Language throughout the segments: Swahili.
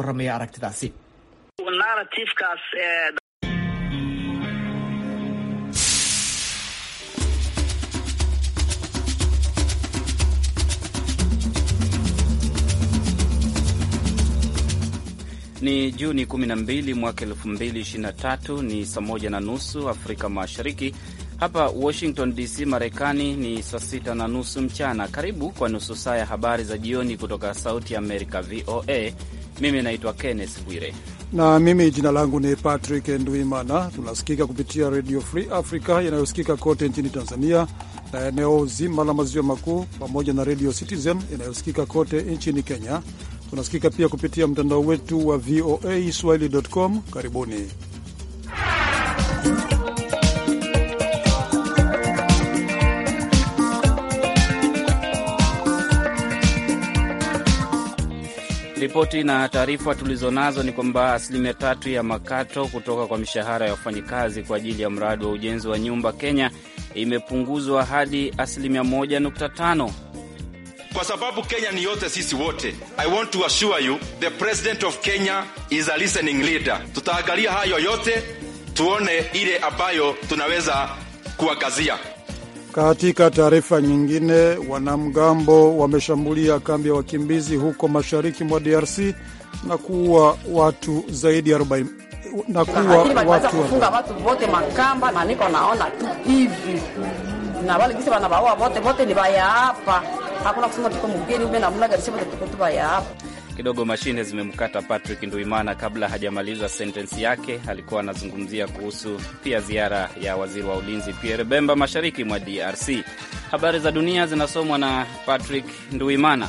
warramaya aragtidaasi. Eh, ni Juni 12 mwaka 2023, ni saa moja na nusu Afrika Mashariki. Hapa Washington DC, Marekani ni saa sita na nusu mchana. Karibu kwa nusu saa ya habari za jioni kutoka Sauti Amerika, VOA. Mimi naitwa Kenneth Bwire na mimi jina langu ni Patrick Ndwimana. Tunasikika kupitia Redio Free Africa inayosikika kote nchini Tanzania na eneo zima la maziwa makuu pamoja na Redio Citizen inayosikika kote nchini Kenya. Tunasikika pia kupitia mtandao wetu wa VOA swahili.com. Karibuni. Ripoti na taarifa tulizonazo ni kwamba asilimia tatu ya makato kutoka kwa mishahara ya wafanyikazi kwa ajili ya mradi wa ujenzi wa nyumba Kenya imepunguzwa hadi asilimia tano kwa sababu Kenya ni yote sisi wote. I want to assure you the president of Kenya is a listening leader. Tutaangalia hayo yote tuone ile ambayo tunaweza kuangazia. Katika taarifa nyingine, wanamgambo wameshambulia kambi ya wakimbizi huko mashariki mwa DRC na kuua watu zaidi ya 40 na kuwa watu wote makamba na niko naona tu hivi na wale gisi wanabaua wote wote ni baya hapa, hakuna kusema tuko mgeni ume na mlaga tuko tu baya hapa kidogo mashine zimemkata Patrick Nduimana kabla hajamaliza sentensi yake. Alikuwa anazungumzia kuhusu pia ziara ya waziri wa ulinzi Pierre Bemba mashariki mwa DRC. Habari za dunia zinasomwa na Patrick Nduimana.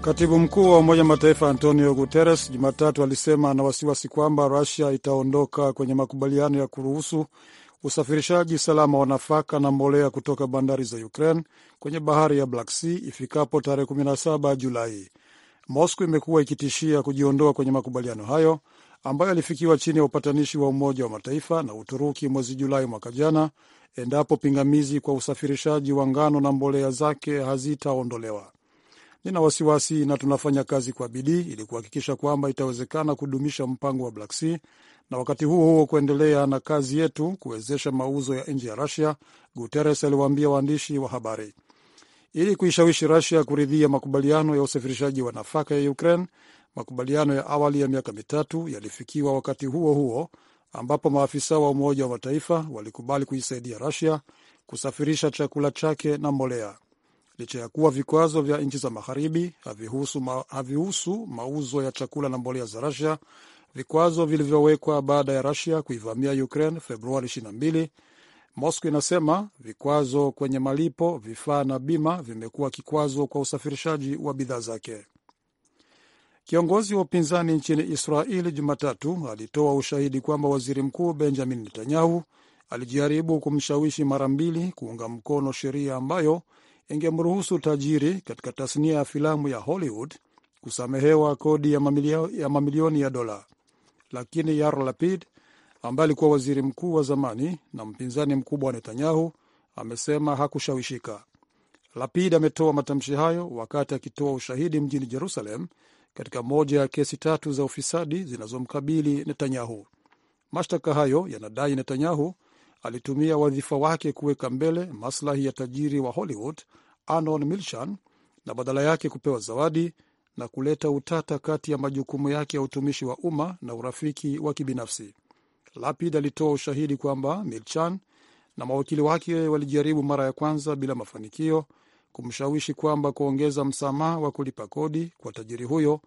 Katibu mkuu wa Umoja Mataifa Antonio Guterres Jumatatu alisema ana wasiwasi kwamba Rusia itaondoka kwenye makubaliano ya kuruhusu usafirishaji salama wa nafaka na mbolea kutoka bandari za Ukraine kwenye bahari ya Black Sea ifikapo tarehe 17 Julai. Moscow imekuwa ikitishia kujiondoa kwenye makubaliano hayo ambayo yalifikiwa chini ya upatanishi wa Umoja wa Mataifa na Uturuki mwezi Julai mwaka jana, endapo pingamizi kwa usafirishaji wa ngano na mbolea zake hazitaondolewa. Nina wasiwasi na tunafanya kazi kwa bidii ili kuhakikisha kwamba itawezekana kudumisha mpango wa Black Sea na wakati huo huo kuendelea na kazi yetu kuwezesha mauzo ya nje ya rasia Guterres aliwaambia waandishi wa habari. Ili kuishawishi rasia kuridhia makubaliano ya usafirishaji wa nafaka ya Ukraine, makubaliano ya awali ya miaka mitatu yalifikiwa wakati huo huo ambapo maafisa wa Umoja wa Mataifa walikubali kuisaidia rasia kusafirisha chakula chake na mbolea licha ya kuwa vikwazo vya nchi za magharibi havihusu, ma, havihusu mauzo ya chakula na mbolea za rusia vikwazo vilivyowekwa baada ya Rusia kuivamia Ukraine Februari 22. Moscow inasema vikwazo kwenye malipo, vifaa na bima vimekuwa kikwazo kwa usafirishaji wa bidhaa zake. Kiongozi wa upinzani nchini Israeli Jumatatu alitoa ushahidi kwamba waziri mkuu Benjamin Netanyahu alijaribu kumshawishi mara mbili kuunga mkono sheria ambayo ingemruhusu tajiri katika tasnia ya filamu ya Hollywood kusamehewa kodi ya mamilioni ya dola lakini Yair Lapid ambaye alikuwa waziri mkuu wa zamani na mpinzani mkubwa wa Netanyahu amesema hakushawishika. Lapid ametoa matamshi hayo wakati akitoa ushahidi mjini Jerusalem katika moja ya kesi tatu za ufisadi zinazomkabili Netanyahu. Mashtaka hayo yanadai Netanyahu alitumia wadhifa wake kuweka mbele maslahi ya tajiri wa Hollywood anon Milchan na badala yake kupewa zawadi na kuleta utata kati ya majukumu yake ya utumishi wa umma na urafiki wa kibinafsi. Lapid alitoa ushahidi kwamba Milchan na mawakili wake walijaribu mara ya kwanza bila mafanikio kumshawishi kwamba kuongeza msamaha wa kulipa kodi kwa tajiri huyo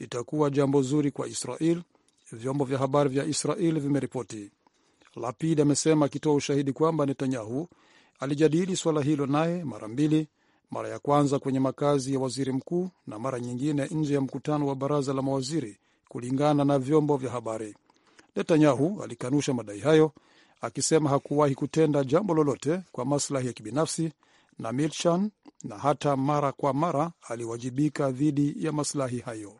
litakuwa jambo zuri kwa Israel, vyombo vya habari vya Israel vimeripoti. Lapid amesema akitoa ushahidi kwamba Netanyahu alijadili suala hilo naye mara mbili mara ya kwanza kwenye makazi ya waziri mkuu na mara nyingine nje ya mkutano wa baraza la mawaziri, kulingana na vyombo vya habari. Netanyahu alikanusha madai hayo akisema hakuwahi kutenda jambo lolote kwa maslahi ya kibinafsi na Milchan, na hata mara kwa mara aliwajibika dhidi ya maslahi hayo.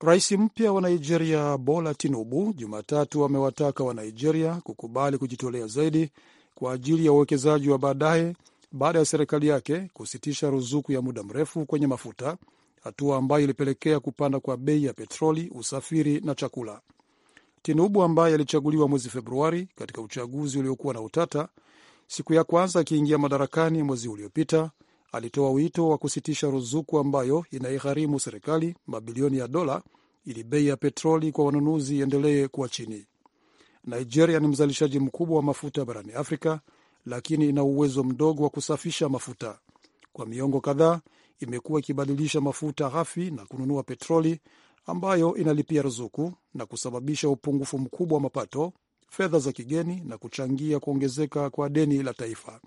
Rais mpya wa Nigeria Bola Tinubu Jumatatu amewataka wa Nigeria kukubali kujitolea zaidi kwa ajili ya uwekezaji wa baadaye baada ya serikali yake kusitisha ruzuku ya muda mrefu kwenye mafuta, hatua ambayo ilipelekea kupanda kwa bei ya petroli, usafiri na chakula. Tinubu ambaye alichaguliwa mwezi Februari katika uchaguzi uliokuwa na utata, siku ya kwanza akiingia madarakani mwezi uliopita, alitoa wito wa kusitisha ruzuku ambayo inaigharimu serikali mabilioni ya dola ili bei ya petroli kwa wanunuzi iendelee kuwa chini. Nigeria ni mzalishaji mkubwa wa mafuta barani Afrika lakini ina uwezo mdogo wa kusafisha mafuta. Kwa miongo kadhaa imekuwa ikibadilisha mafuta ghafi na kununua petroli ambayo inalipia ruzuku na kusababisha upungufu mkubwa wa mapato, fedha za kigeni na kuchangia kuongezeka kwa deni la taifa.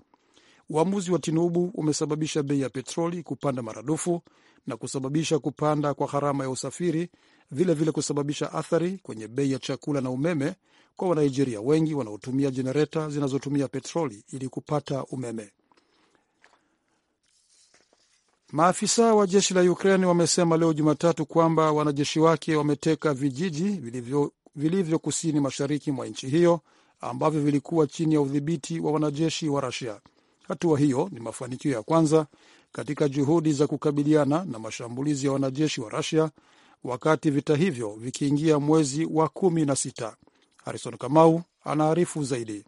Uamuzi wa Tinubu umesababisha bei ya petroli kupanda maradufu na kusababisha kupanda kwa gharama ya usafiri, vilevile vile kusababisha athari kwenye bei ya chakula na umeme kwa Wanigeria wengi wanaotumia jenereta zinazotumia petroli ili kupata umeme. Maafisa wa jeshi la Ukraine wamesema leo Jumatatu kwamba wanajeshi wake wameteka vijiji vilivyo, vilivyo kusini mashariki mwa nchi hiyo ambavyo vilikuwa chini ya udhibiti wa wanajeshi wa Rusia. Hatua hiyo ni mafanikio ya kwanza katika juhudi za kukabiliana na mashambulizi ya wanajeshi wa Rusia wakati vita hivyo vikiingia mwezi wa kumi na sita. Harison Kamau anaarifu zaidi.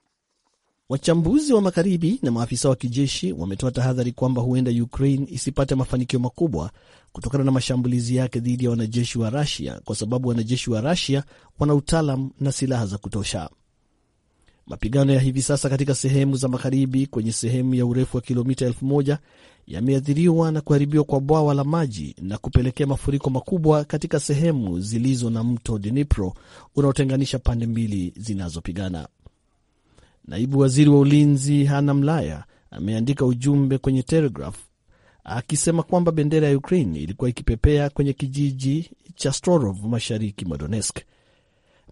Wachambuzi wa magharibi na maafisa wa kijeshi wametoa tahadhari kwamba huenda Ukraine isipate mafanikio makubwa kutokana na mashambulizi yake dhidi ya wanajeshi wa Rusia kwa sababu wanajeshi wa Rusia wana utaalam na silaha za kutosha. Mapigano ya hivi sasa katika sehemu za magharibi kwenye sehemu ya urefu wa kilomita elfu moja yameathiriwa na kuharibiwa kwa bwawa la maji na kupelekea mafuriko makubwa katika sehemu zilizo na mto Dnipro unaotenganisha pande mbili zinazopigana. Naibu waziri wa ulinzi Hana Mlaya ameandika ujumbe kwenye Telegraph akisema kwamba bendera ya Ukraine ilikuwa ikipepea kwenye kijiji cha Storov mashariki mwa Donetsk.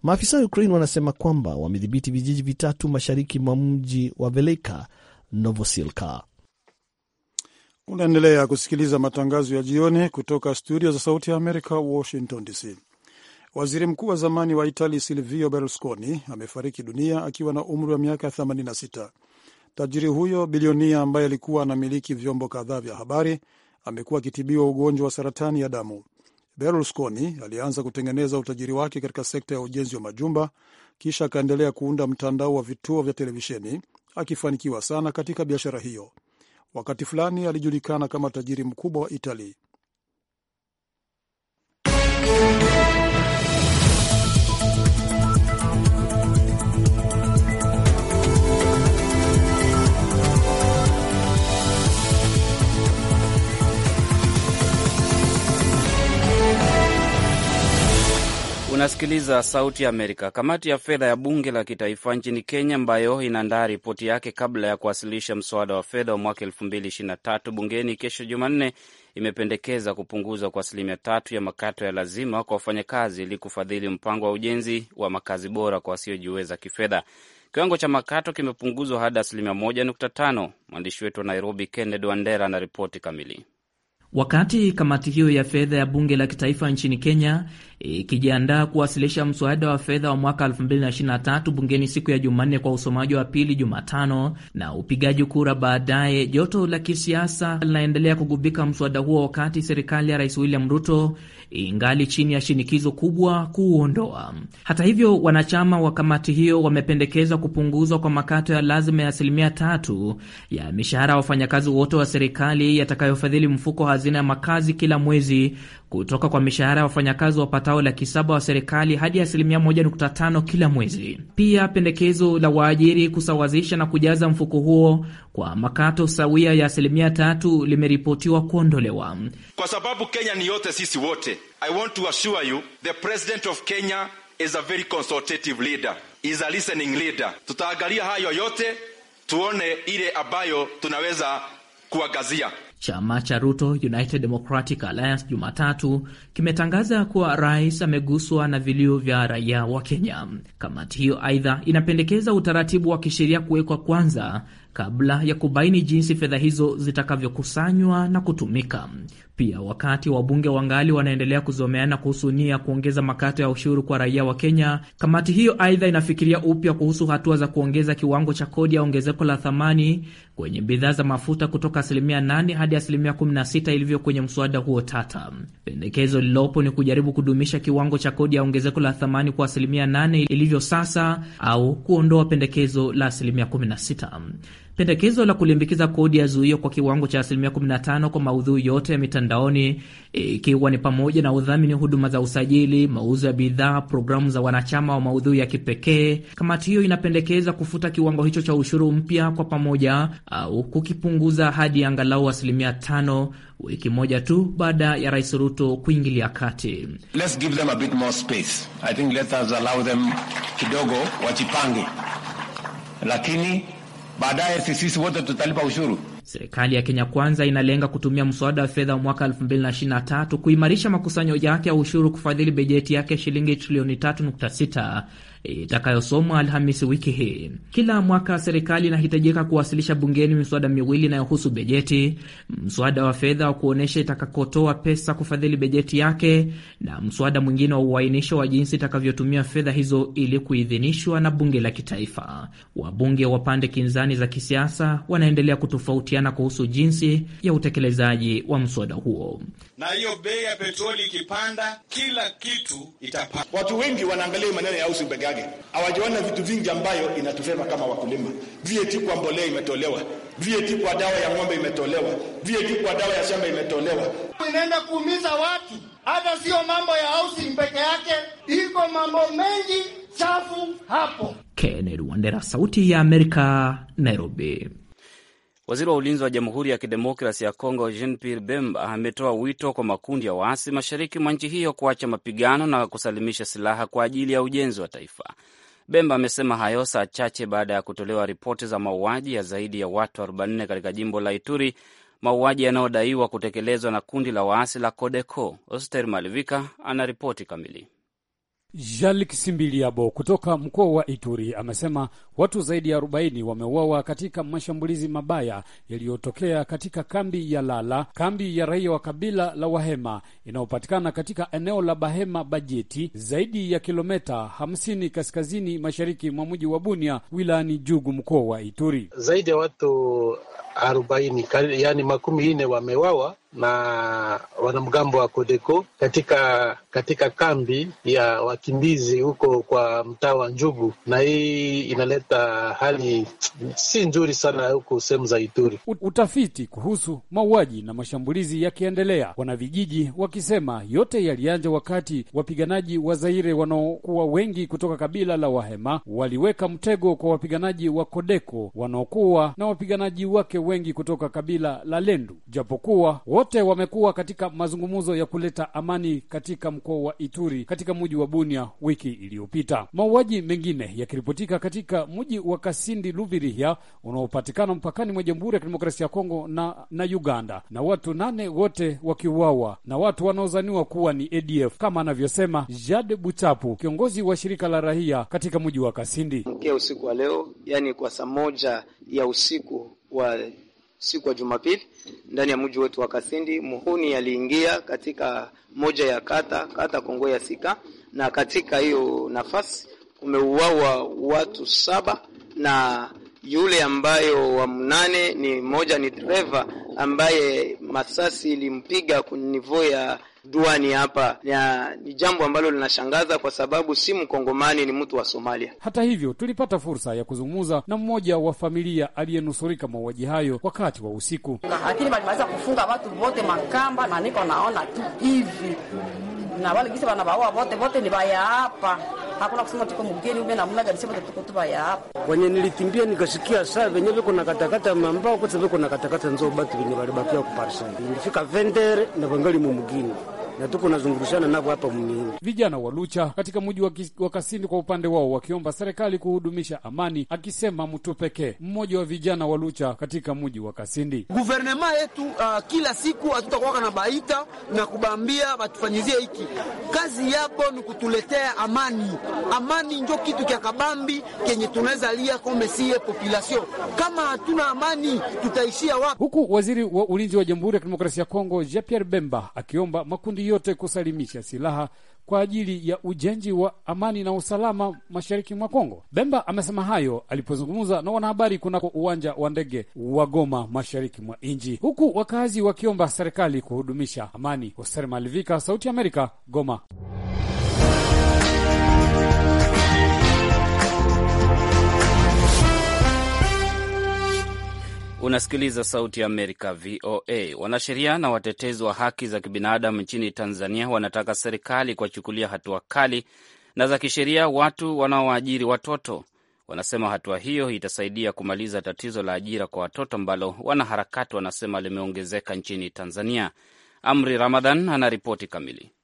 Maafisa wa Ukraine wanasema kwamba wamedhibiti vijiji vitatu mashariki mwa mji wa veleka Novosilka. Unaendelea kusikiliza matangazo ya jioni kutoka studio za Sauti ya Amerika, Washington DC. Waziri mkuu wa zamani wa Itali Silvio Berlusconi amefariki dunia akiwa na umri wa miaka 86. Tajiri huyo bilionia ambaye alikuwa anamiliki vyombo kadhaa vya habari amekuwa akitibiwa ugonjwa wa saratani ya damu. Berlusconi alianza kutengeneza utajiri wake katika sekta ya ujenzi wa majumba, kisha akaendelea kuunda mtandao wa vituo vya televisheni, akifanikiwa sana katika biashara hiyo. Wakati fulani alijulikana kama tajiri mkubwa wa Itali. Unasikiliza Sauti ya Amerika. Kamati ya fedha ya bunge la kitaifa nchini Kenya, ambayo inaandaa ripoti yake kabla ya kuwasilisha mswada wa fedha wa mwaka tatu bungeni kesho Jumanne, imependekeza kupunguzwa kwa asilimia tatu ya makato ya lazima kwa wafanyakazi ili kufadhili mpango wa ujenzi wa makazi bora kwa wasiojiweza kifedha. Kiwango cha makato kimepunguzwa hadi asilimia 1.5. Mwandishi wetu wa Nairobi, Kennedy Wandera, ana ripoti kamili. Wakati kamati hiyo ya fedha ya bunge la kitaifa nchini Kenya ikijiandaa kuwasilisha mswada wa fedha wa mwaka 2023 bungeni siku ya Jumanne kwa usomaji wa pili Jumatano na upigaji kura baadaye, joto la kisiasa linaendelea kugubika mswada huo, wakati serikali ya Rais William Ruto ingali chini ya shinikizo kubwa kuuondoa. Hata hivyo, wanachama wa kamati hiyo wamependekeza kupunguzwa kwa makato ya lazima ya asilimia tatu ya mishahara ya wafanyakazi wote wa serikali yatakayofadhili mfuko wa hazina ya makazi kila mwezi kutoka kwa mishahara ya wafanyakazi wapatao laki saba wa serikali hadi asilimia 1.5 kila mwezi. Pia pendekezo la waajiri kusawazisha na kujaza mfuko huo kwa makato sawia ya asilimia tatu limeripotiwa kuondolewa kwa sababu Kenya ni yote sisi wote. I want to assure you the president of Kenya is a very consultative leader, is a listening leader. Tutaangalia hayo yote tuone ile ambayo tunaweza kuangazia. Chama cha Ruto United Democratic Alliance Jumatatu kimetangaza kuwa rais ameguswa na vilio vya raia wa Kenya. Kamati hiyo aidha inapendekeza utaratibu wa kisheria kuwekwa kwanza kabla ya kubaini jinsi fedha hizo zitakavyokusanywa na kutumika. Pia wakati wabunge wangali wanaendelea kuzomeana kuhusu nia ya kuongeza makato ya ushuru kwa raia wa Kenya, kamati hiyo aidha inafikiria upya kuhusu hatua za kuongeza kiwango cha kodi ya ongezeko la thamani kwenye bidhaa za mafuta kutoka asilimia 8 hadi asilimia 16 ilivyo kwenye mswada huo tata. Pendekezo lililopo ni kujaribu kudumisha kiwango cha kodi ya ongezeko la thamani kwa asilimia 8 ilivyo sasa au kuondoa pendekezo la asilimia 16. Pendekezo la kulimbikiza kodi ya zuio kwa kiwango cha asilimia 15 kwa maudhui yote ya mitandaoni e, ikiwa ni pamoja na udhamini, huduma za usajili, mauzo ya bidhaa, programu za wanachama wa maudhui ya kipekee. Kamati hiyo inapendekeza kufuta kiwango hicho cha ushuru mpya kwa pamoja au kukipunguza hadi angalau asilimia 5 wiki moja tu baada ya Rais Ruto kuingilia kati. Let's give them a bit more space. I think let us allow them kidogo lakini baadaye sisi wote tutalipa ushuru. Serikali ya Kenya Kwanza inalenga kutumia mswada wa fedha wa mwaka 2023 kuimarisha makusanyo yake ya ushuru kufadhili bajeti yake shilingi trilioni 3.6 itakayosomwa Alhamisi wiki hii. Kila mwaka serikali inahitajika kuwasilisha bungeni miswada miwili inayohusu bejeti, mswada wa fedha wa kuonyesha itakakotoa pesa kufadhili bejeti yake na mswada mwingine wa uainisho wa jinsi itakavyotumia fedha hizo ili kuidhinishwa na bunge la kitaifa. Wabunge wa pande kinzani za kisiasa wanaendelea kutofautiana kuhusu jinsi ya utekelezaji wa mswada huo. Na hiyo bei ya petroli ikipanda, kila kitu itapanda. Watu wengi wanaangalia maneno ya Karage hawajaona vitu vingi ambayo inatufema kama wakulima. VAT kwa mbolea imetolewa, VAT kwa dawa ya ng'ombe imetolewa, VAT kwa dawa ya shamba imetolewa. Inaenda kuumiza watu, hata sio mambo ya housing peke yake, iko mambo mengi chafu hapo. Kennedy Wandera, Sauti ya Amerika, Nairobi. Waziri wa ulinzi wa Jamhuri ya Kidemokrasi ya Kongo Jean Pierre Bemba ametoa wito kwa makundi ya waasi mashariki mwa nchi hiyo kuacha mapigano na kusalimisha silaha kwa ajili ya ujenzi wa taifa. Bemba amesema hayo saa chache baada ya kutolewa ripoti za mauaji ya zaidi ya watu 40 katika jimbo la Ituri, mauaji yanayodaiwa kutekelezwa na kundi la waasi la Codeco. Oster Malivika ana ripoti kamili. Jalik Simbiliabo kutoka mkoa wa Ituri amesema watu zaidi ya 40 wameuawa katika mashambulizi mabaya yaliyotokea katika kambi ya Lala, kambi ya raia wa kabila la Wahema inayopatikana katika eneo la Bahema Bajeti, zaidi ya kilomita 50 kaskazini mashariki mwa mji wa Bunia wilayani Jugu, mkoa wa Ituri. Zaidi ya watu 40 yani makumi nne wamewawa na wanamgambo wa Kodeko katika katika kambi ya wakimbizi huko kwa mtaa wa Njugu, na hii inaleta hali si nzuri sana huko sehemu za Ituri. Utafiti kuhusu mauaji na mashambulizi yakiendelea, wanavijiji wakisema yote yalianja wakati wapiganaji wa Zaire wanaokuwa wengi kutoka kabila la Wahema waliweka mtego kwa wapiganaji wa Kodeko wanaokuwa na wapiganaji wake wengi kutoka kabila la Lendu, japokuwa wote wamekuwa katika mazungumzo ya kuleta amani katika mkoa wa Ituri katika mji wa Bunia wiki iliyopita. Mauaji mengine yakiripotika katika mji wa Kasindi Luvirihya unaopatikana mpakani mwa Jamhuri ya Kidemokrasia ya Kongo na, na Uganda, na watu nane wote wakiuawa na watu wanaozaniwa kuwa ni ADF kama anavyosema Jad Buchapu, kiongozi wa shirika la rahia katika mji wa Kasindi. Mkia usiku wa leo, yani kwa saa moja ya usiku wa siku ya Jumapili ndani ya mji wetu wa Kasindi. Muhuni aliingia katika moja ya kata kata Kongo ya Sika, na katika hiyo nafasi kumeuawa watu saba na yule ambayo wa mnane ni moja ni dreva ambaye masasi ilimpiga kwenye ya Duani hapa ya, ni jambo ambalo linashangaza kwa sababu si Mkongomani, ni mtu wa Somalia. Hata hivyo, tulipata fursa ya kuzungumza na mmoja wa familia aliyenusurika mauaji hayo wakati wa usiku, lakini walimaliza kufunga watu wote makamba na niko naona tu hivi na wale gisi wanabaoa wote wote ni baya hapa, hakuna kusema tuko mgeni ume namna gani, sema tuko tu baya hapa. Kwenye nilikimbia nikasikia saa venye viko na katakata mambao kwa sababu kuna katakata nzo batu venye walibakia kuparsa nilifika vendere na vangali mumgini na tuko nazungurishana navyo hapa mnini. Vijana wa Lucha katika mji wa Kasindi kwa upande wao wakiomba serikali kuhudumisha amani, akisema mtu pekee mmoja wa vijana wa Lucha katika mji wa Kasindi. Guvernema yetu uh, kila siku hatutakuwaka na baita na kubambia batufanyizie hiki, kazi yapo ni kutuletea amani. Amani njo kitu kya kabambi kenye tunaweza lia komesie population. Kama hatuna amani tutaishia wapi? Huku waziri wa ulinzi wa Jamhuri ya Kidemokrasia ya Kongo Jean Pierre Bemba akiomba makundi yote kusalimisha silaha kwa ajili ya ujenzi wa amani na usalama mashariki mwa Kongo. Bemba amesema hayo alipozungumza na wanahabari kunako uwanja wa ndege wa Goma, mashariki mwa nchi, huku wakazi wakiomba serikali kuhudumisha amani. Hoser Malivika, Sauti Amerika, Goma. Unasikiliza Sauti ya Amerika, VOA. Wanasheria na watetezi wa haki za kibinadamu nchini Tanzania wanataka serikali kuwachukulia hatua kali na za kisheria watu wanaowaajiri watoto. Wanasema hatua hiyo itasaidia kumaliza tatizo la ajira kwa watoto ambalo wanaharakati wanasema limeongezeka nchini Tanzania. Amri Ramadhan anaripoti kamili.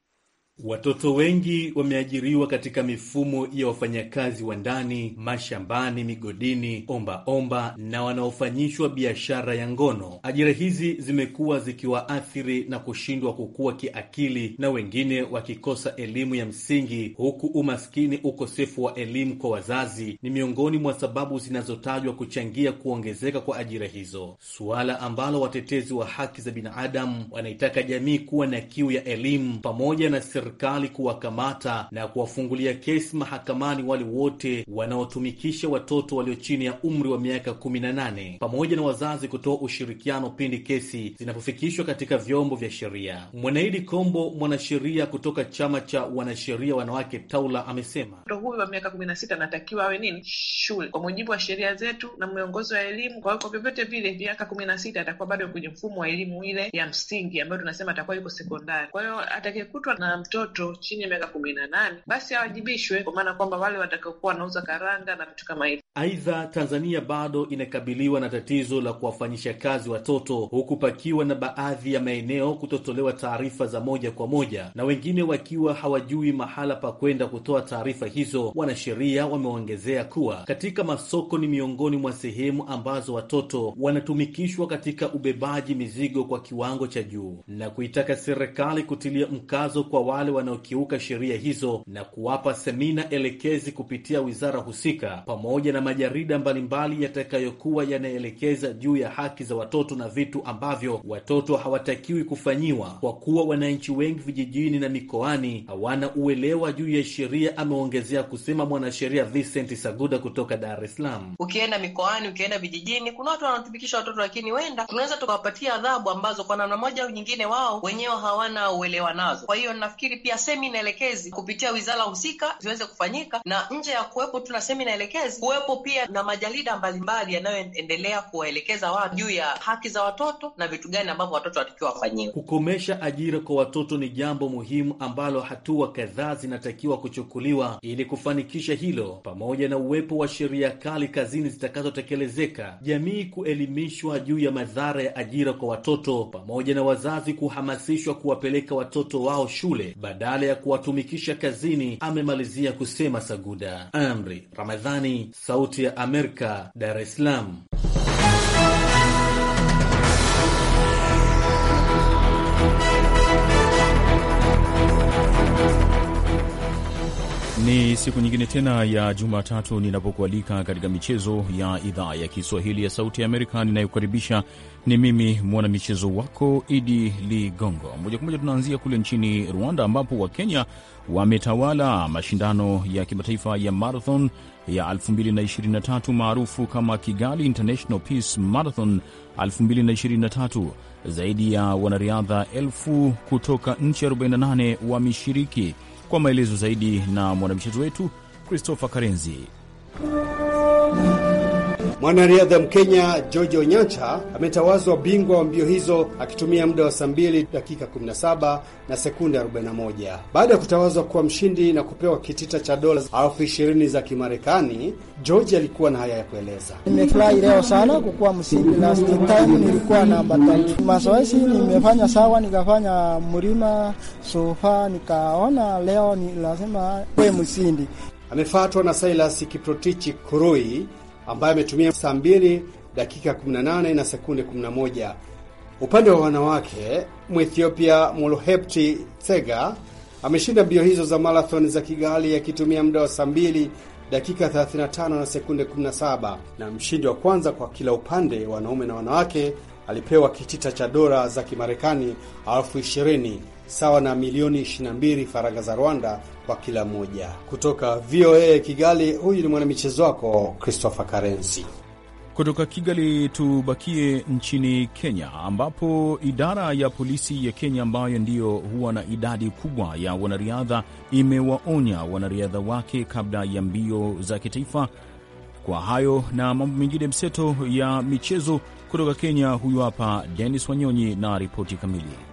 Watoto wengi wameajiriwa katika mifumo ya wafanyakazi wa ndani, mashambani, migodini, omba omba na wanaofanyishwa biashara ya ngono. Ajira hizi zimekuwa zikiwaathiri na kushindwa kukua kiakili, na wengine wakikosa elimu ya msingi, huku umaskini, ukosefu wa elimu kwa wazazi ni miongoni mwa sababu zinazotajwa kuchangia kuongezeka kwa ajira hizo, suala ambalo watetezi wa haki za binadamu wanaitaka jamii kuwa na kiu ya elimu pamoja na serikali kuwakamata na kuwafungulia kesi mahakamani wale wote wanaotumikisha watoto walio chini ya umri wa miaka 18 pamoja na wazazi kutoa ushirikiano pindi kesi zinapofikishwa katika vyombo vya sheria. Mwanaidi Kombo, mwanasheria kutoka chama cha wanasheria wanawake TAULA, amesema mtoto huyu wa miaka 16 anatakiwa awe nini shule kwa mujibu wa sheria zetu na miongozo ya elimu. Kwa hiyo kwa vyovyote vile miaka 16 atakuwa bado kwenye mfumo wa elimu ile ya msingi ambayo tunasema atakuwa yuko sekondari. Kwa hiyo atakayekutwa na mtoto chini ya miaka kumi na nane basi awajibishwe, kwa maana kwamba wale watakaokuwa wanauza karanga na vitu kama hivi. Aidha, Tanzania bado inakabiliwa na tatizo la kuwafanyisha kazi watoto, huku pakiwa na baadhi ya maeneo kutotolewa taarifa za moja kwa moja na wengine wakiwa hawajui mahala pa kwenda kutoa taarifa hizo. Wanasheria wameongezea kuwa katika masoko ni miongoni mwa sehemu ambazo watoto wanatumikishwa katika ubebaji mizigo kwa kiwango cha juu na kuitaka serikali kutilia mkazo kwa wale wanaokiuka sheria hizo na kuwapa semina elekezi kupitia wizara husika pamoja na majarida mbalimbali yatakayokuwa yanaelekeza juu ya haki za watoto na vitu ambavyo watoto hawatakiwi kufanyiwa, kwa kuwa wananchi wengi vijijini na mikoani hawana uelewa juu ya sheria, ameongezea kusema mwanasheria Vincent Saguda kutoka Dar es Salaam. Ukienda mikoani, ukienda vijijini, kuna watu wanatumikisha watoto, lakini wenda tunaweza tukawapatia adhabu ambazo kwa namna moja au nyingine wao wenyewe hawana uelewa nazo. Kwa hiyo nafikiri lakini pia semina elekezi kupitia wizara husika ziweze kufanyika, na nje ya kuwepo tu na semina elekezi, kuwepo pia na majarida mbalimbali yanayoendelea kuwaelekeza watu juu ya haki za watoto na vitu gani ambavyo watoto watakiwa wafanyiwe. Kukomesha ajira kwa watoto ni jambo muhimu ambalo hatua kadhaa zinatakiwa kuchukuliwa ili kufanikisha hilo, pamoja na uwepo wa sheria kali kazini zitakazotekelezeka, jamii kuelimishwa juu ya madhara ya ajira kwa watoto, pamoja na wazazi kuhamasishwa kuwapeleka watoto wao shule badala ya kuwatumikisha kazini, amemalizia kusema Saguda. Amri Ramadhani, Sauti ya Amerika, Dar es Salaam. Ni siku nyingine tena ya Jumatatu ninapokualika katika michezo ya idhaa ya Kiswahili ya Sauti ya Amerika. ninayokaribisha ni mimi mwanamichezo wako Idi Ligongo. Moja kwa moja tunaanzia kule nchini Rwanda, ambapo Wakenya wametawala mashindano ya kimataifa ya marathon ya 2023 maarufu kama Kigali International Peace Marathon 2023. Zaidi ya wanariadha elfu kutoka nchi 48 wameshiriki kwa maelezo zaidi na mwanamichezo wetu Christopher Karenzi. Mwanariadha Mkenya George Onyancha ametawazwa bingwa wa mbio hizo akitumia muda wa saa 2 dakika 17 na sekunde 41. Baada ya kutawazwa kuwa mshindi na kupewa kitita cha dola elfu ishirini za Kimarekani, George alikuwa na haya ya kueleza. Nimefurahi leo sana kukuwa mshindi. Last time nilikuwa namba tatu. Mazoezi nimefanya sawa, nikafanya mlima sofa, nikaona leo ni lazima kuwe mshindi. Amefuatwa na Silas Kiprotich Kurui ambaye ametumia saa 2 dakika 18 na sekunde 11. Upande wa wanawake, Mwethiopia Molohepti Tsega ameshinda mbio hizo za marathon za Kigali akitumia muda wa saa 2 dakika 35 na sekunde 17, na mshindi wa kwanza kwa kila upande, wanaume na wanawake, alipewa kitita cha dola za Kimarekani elfu 20 sawa na milioni 22 faranga za Rwanda kwa kila moja. Kutoka VOA Kigali, huyu ni mwanamichezo wako Christopher Karensi. Kutoka Kigali tubakie nchini Kenya, ambapo idara ya polisi ya Kenya ambayo ndiyo huwa na idadi kubwa ya wanariadha imewaonya wanariadha wake kabla ya mbio za kitaifa. Kwa hayo na mambo mengine mseto ya michezo kutoka Kenya, huyu hapa Dennis Wanyonyi na ripoti kamili.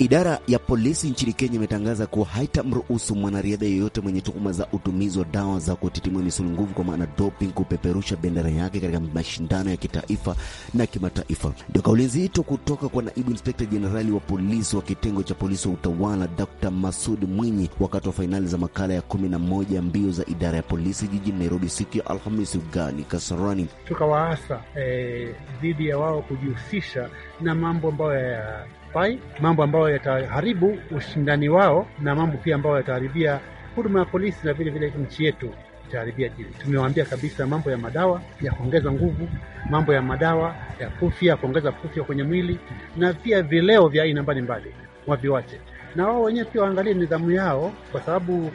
Idara ya polisi nchini Kenya imetangaza kuwa haitamruhusu mwanariadha yeyote mwenye tuhuma za utumizi wa dawa za kutitimua misuli nguvu, kwa maana doping, kupeperusha bendera yake katika mashindano ya kitaifa na kimataifa. Ndio kauli nzito kutoka kwa naibu inspekta jenerali wa polisi wa kitengo cha polisi wa utawala Dr. Masud Mwinyi wakati wa fainali za makala ya kumi na moja mbio za idara ya polisi jijini Nairobi siku ya Alhamisi ugani Kasarani. Tukawaasa eh, dhidi ya wao kujihusisha na mambo ambayo yafai, mambo ambayo yataharibu ushindani wao na mambo pia ambayo yataharibia huduma ya polisi na vile vile nchi yetu itaharibia jili. Tumewaambia kabisa mambo ya madawa ya kuongeza nguvu, mambo ya madawa ya kufya, kuongeza kufya kwenye mwili na pia vileo vya aina mbalimbali waviwache, na wao wenyewe pia waangalie nidhamu yao, kwa sababu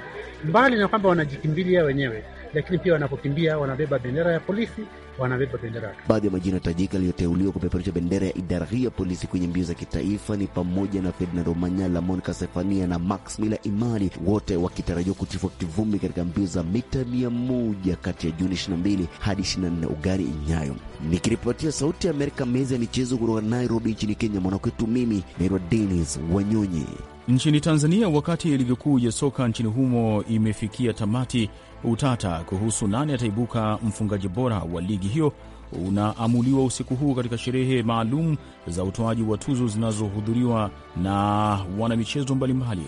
mbali na kwamba wanajikimbilia wenyewe, lakini pia wanapokimbia wanabeba bendera ya polisi wanavipa bendera yake. Baadhi ya majina tajika yaliyoteuliwa kupeperusha bendera ya idara hii ya polisi kwenye mbio za kitaifa ni pamoja na Ferdinand Omanyala, Monica Sefania na Max Mila Imani, wote wakitarajiwa kutifua kivumbi katika mbio za mita mia moja kati ya Juni 22 hadi 24 ugari Nyayo. Nikiripotia Sauti ya Amerika, meza ya michezo kutoka Nairobi nchini Kenya, mwanakwetu mimi naitwa Denis Wanyonyi. Nchini Tanzania, wakati ligi kuu ya soka nchini humo imefikia tamati, utata kuhusu nani ataibuka mfungaji bora wa ligi hiyo unaamuliwa usiku huu katika sherehe maalum za utoaji wa tuzo zinazohudhuriwa na wanamichezo mbalimbali.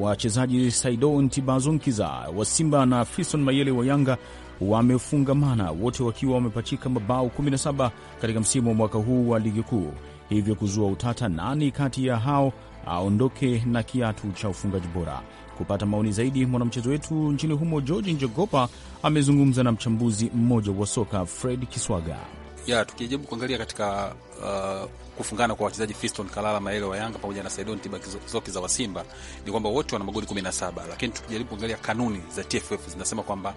Wachezaji Saido Ntibazonkiza wa Simba na Fiston Mayele wa Yanga wamefungamana wote wakiwa wamepachika mabao 17 katika msimu wa mwaka huu wa ligi kuu, hivyo kuzua utata nani kati ya hao aondoke na kiatu cha ufungaji bora. Kupata maoni zaidi, mwanamchezo wetu nchini humo George Njogopa amezungumza na mchambuzi mmoja wa soka Fred Kiswaga. ya tukijaribu kuangalia katika uh, kufungana kwa wachezaji Fiston Kalala Maele wa Yanga pamoja na Saidon Zoki za Wasimba ni kwamba wote wana magoli 17, lakini tukijaribu kuangalia kanuni za TFF zinasema kwamba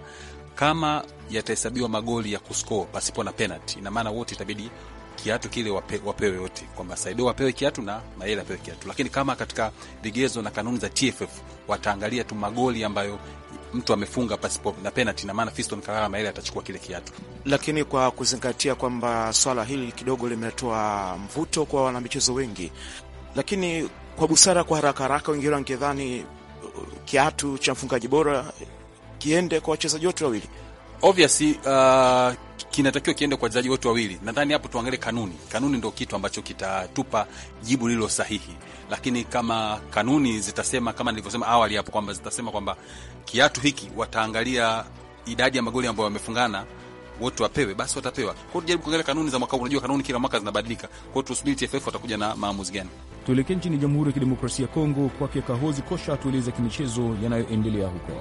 kama yatahesabiwa magoli ya kusko pasipo na penalty, ina maana wote itabidi kiatu kile wape, wapewe wote kwamba Saido wapewe kiatu na maele apewe kiatu, lakini kama katika vigezo na kanuni za TFF wataangalia tu magoli ambayo mtu amefunga pasipo na penalty, na maana Fiston Kalala Maele atachukua kile kiatu. Lakini kwa kuzingatia kwamba swala hili kidogo limetoa mvuto kwa wanamichezo wengi, lakini kwa busara, kwa haraka haraka, wengine wangedhani uh, kiatu cha mfungaji bora kiende kwa wachezaji wote wawili obviously uh, kinatakiwa kiende kwa wachezaji wote wawili. Nadhani hapo tuangalie kanuni. Kanuni ndio kitu ambacho kitatupa jibu lilo sahihi, lakini kama kanuni zitasema kama nilivyosema awali hapo kwamba zitasema kwamba kiatu hiki wataangalia idadi ya magoli ambayo wamefungana wote wapewe, basi watapewa. Kwa hiyo tujaribu kuangalia kanuni za mwaka huu. Unajua kanuni kila mwaka zinabadilika, kwa hiyo tusubiri TFF watakuja na maamuzi gani. Tuelekee nchini Jamhuri ya Kidemokrasia ya Kongo, kwake Kahozi Kosha atueleze kimichezo yanayoendelea huko.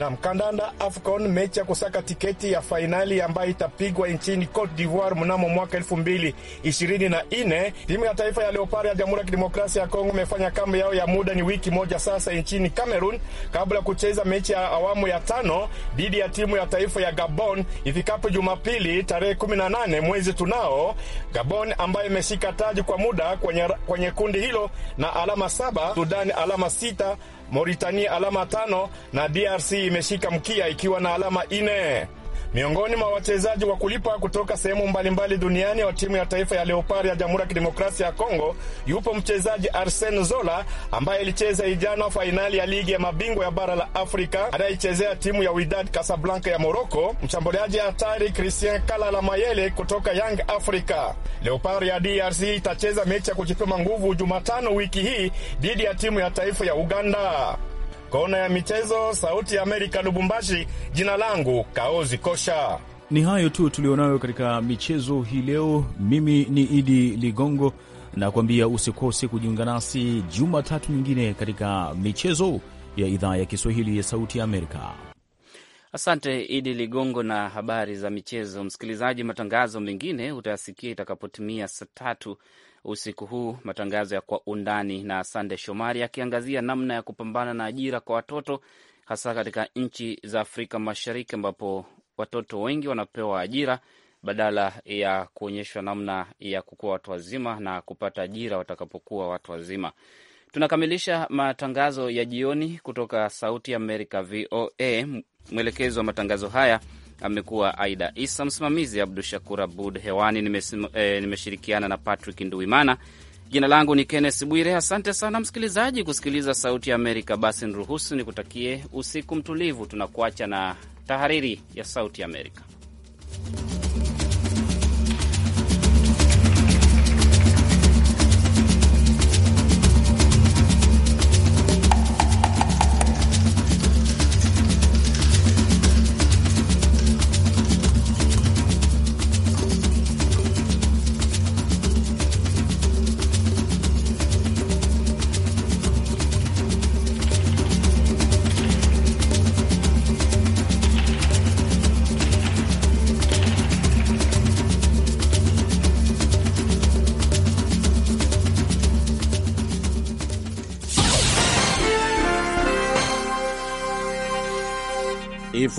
Na mkandanda AFCON, mechi ya kusaka tiketi ya fainali ambayo itapigwa nchini Cote d'Ivoire mnamo mwaka 2024 timu ya taifa ya Leopard ya Jamhuri ya Kidemokrasia ya Kongo imefanya kambi yao ya muda ni wiki moja sasa nchini Cameroon kabla ya kucheza mechi ya awamu ya tano dhidi ya timu ya taifa ya Gabon ifikapo Jumapili tarehe 18 mwezi tunao. Gabon ambayo imeshika taji kwa muda kwenye, kwenye kundi hilo na alama saba, Sudani alama sita Mauritania alama tano na DRC imeshika mkia ikiwa na alama ine. Miongoni mwa wachezaji wa kulipwa kutoka sehemu mbalimbali duniani wa timu ya taifa ya Leopard ya Jamhuri ya Kidemokrasia ya Kongo yupo mchezaji Arsene Zola ambaye alicheza ijana fainali ya ligi ya mabingwa ya bara la Afrika anayechezea timu ya Wydad Casablanca ya Moroko. Mshambuliaji hatari Christian Kalala Mayele kutoka Young Africa. Leopard ya DRC itacheza mechi ya kujipima nguvu Jumatano wiki hii dhidi ya timu ya taifa ya Uganda. Kona ya michezo, Sauti ya Amerika, Lubumbashi. Jina langu Kaozi Kosha. Ni hayo tu tulionayo katika michezo hii leo. Mimi ni Idi Ligongo na kuambia usikose kujiunga nasi Jumatatu nyingine katika michezo ya idhaa ya Kiswahili ya Sauti ya Amerika. Asante Idi Ligongo na habari za michezo. Msikilizaji, matangazo mengine utayasikia itakapotimia saa tatu usiku huu matangazo ya Kwa Undani na Sande Shomari akiangazia namna ya kupambana na ajira kwa watoto hasa katika nchi za Afrika Mashariki ambapo watoto wengi wanapewa ajira badala ya kuonyeshwa namna ya kukuwa watu wazima na kupata ajira watakapokuwa watu wazima. Tunakamilisha matangazo ya jioni kutoka Sauti ya Amerika, VOA. Mwelekezi wa matangazo haya amekuwa Aida Isa, msimamizi Abdu Shakur Abud. Hewani eh, nimeshirikiana eh, nime na Patrick Nduimana. Jina langu ni Kenneth Bwire. Asante sana msikilizaji kusikiliza Sauti ya Amerika. Basi niruhusu nikutakie usiku mtulivu. Tunakuacha na tahariri ya Sauti ya Amerika.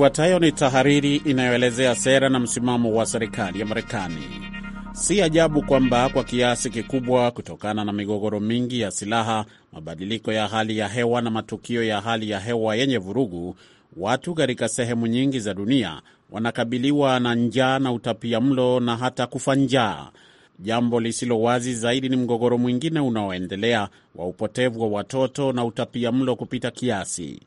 Ifuatayo ni tahariri inayoelezea sera na msimamo wa serikali ya Marekani. Si ajabu kwamba kwa kiasi kikubwa, kutokana na migogoro mingi ya silaha, mabadiliko ya hali ya hewa na matukio ya hali ya hewa yenye vurugu, watu katika sehemu nyingi za dunia wanakabiliwa na njaa na utapia mlo na hata kufa njaa. Jambo lisilo wazi zaidi ni mgogoro mwingine unaoendelea wa upotevu wa watoto na utapia mlo kupita kiasi.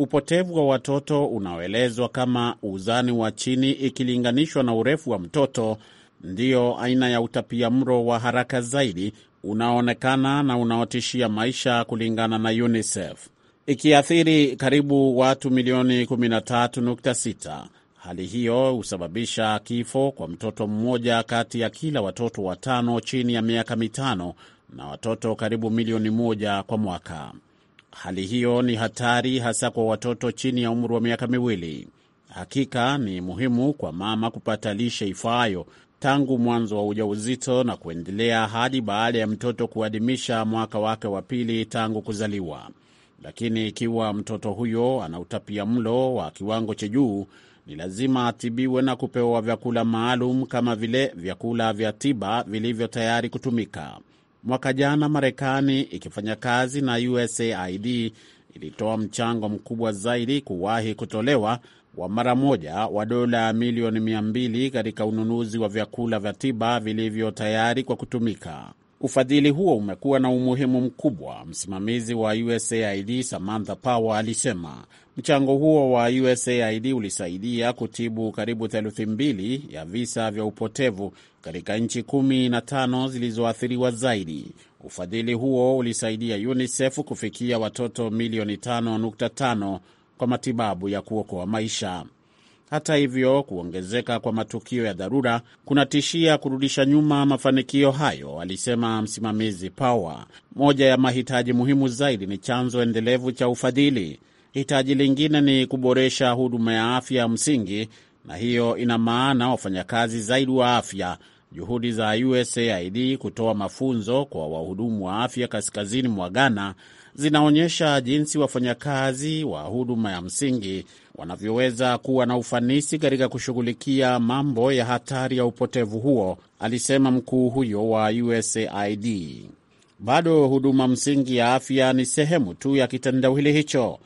Upotevu wa watoto unaoelezwa kama uzani wa chini ikilinganishwa na urefu wa mtoto ndiyo aina ya utapiamlo wa haraka zaidi unaoonekana na unaotishia maisha, kulingana na UNICEF, ikiathiri karibu watu milioni 13.6. Hali hiyo husababisha kifo kwa mtoto mmoja kati ya kila watoto watano chini ya miaka mitano na watoto karibu milioni moja kwa mwaka. Hali hiyo ni hatari hasa kwa watoto chini ya umri wa miaka miwili. Hakika ni muhimu kwa mama kupata lishe ifaayo tangu mwanzo wa ujauzito na kuendelea hadi baada ya mtoto kuadhimisha mwaka wake wa pili tangu kuzaliwa. Lakini ikiwa mtoto huyo ana utapia mlo wa kiwango cha juu, ni lazima atibiwe na kupewa vyakula maalum kama vile vyakula vya tiba vilivyo tayari kutumika. Mwaka jana Marekani ikifanya kazi na USAID ilitoa mchango mkubwa zaidi kuwahi kutolewa wa mara moja wa dola milioni 200 katika ununuzi wa vyakula vya tiba vilivyo tayari kwa kutumika. Ufadhili huo umekuwa na umuhimu mkubwa, msimamizi wa USAID Samantha Power alisema. Mchango huo wa USAID ulisaidia kutibu karibu theluthi mbili ya visa vya upotevu katika nchi kumi na tano zilizoathiriwa zaidi. Ufadhili huo ulisaidia UNICEF kufikia watoto milioni 5.5 kwa matibabu ya kuokoa maisha. Hata hivyo, kuongezeka kwa matukio ya dharura kunatishia kurudisha nyuma mafanikio hayo, alisema msimamizi Power. Moja ya mahitaji muhimu zaidi ni chanzo endelevu cha ufadhili. Hitaji lingine ni kuboresha huduma ya afya ya msingi, na hiyo ina maana wafanyakazi zaidi wa afya. Juhudi za USAID kutoa mafunzo kwa wahudumu wa afya kaskazini mwa Ghana zinaonyesha jinsi wafanyakazi wa huduma ya msingi wanavyoweza kuwa na ufanisi katika kushughulikia mambo ya hatari ya upotevu huo, alisema mkuu huyo wa USAID. Bado huduma msingi ya afya ni sehemu tu ya kitendawili hicho.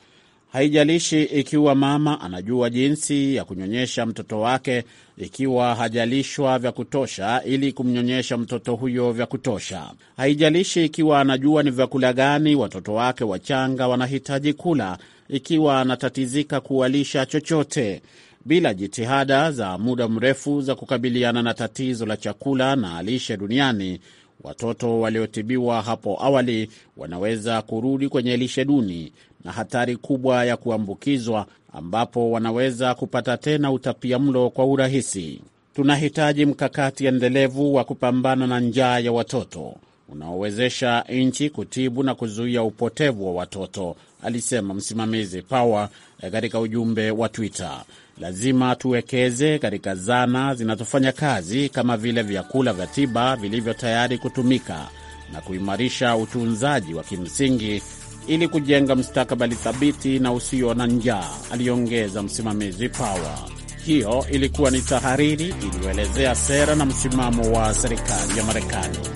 Haijalishi ikiwa mama anajua jinsi ya kunyonyesha mtoto wake, ikiwa hajalishwa vya kutosha ili kumnyonyesha mtoto huyo vya kutosha. Haijalishi ikiwa anajua ni vyakula gani watoto wake wachanga wanahitaji kula, ikiwa anatatizika kuwalisha chochote. Bila jitihada za muda mrefu za kukabiliana na tatizo la chakula na lishe duniani watoto waliotibiwa hapo awali wanaweza kurudi kwenye lishe duni na hatari kubwa ya kuambukizwa, ambapo wanaweza kupata tena utapiamlo kwa urahisi. Tunahitaji mkakati endelevu wa kupambana na njaa ya watoto unaowezesha nchi kutibu na kuzuia upotevu wa watoto, alisema msimamizi Power katika ujumbe wa Twitter. Lazima tuwekeze katika zana zinazofanya kazi kama vile vyakula vya tiba vilivyo tayari kutumika na kuimarisha utunzaji wa kimsingi ili kujenga mstakabali thabiti na usio na njaa, aliongeza msimamizi Power. Hiyo ilikuwa ni tahariri iliyoelezea sera na msimamo wa serikali ya Marekani.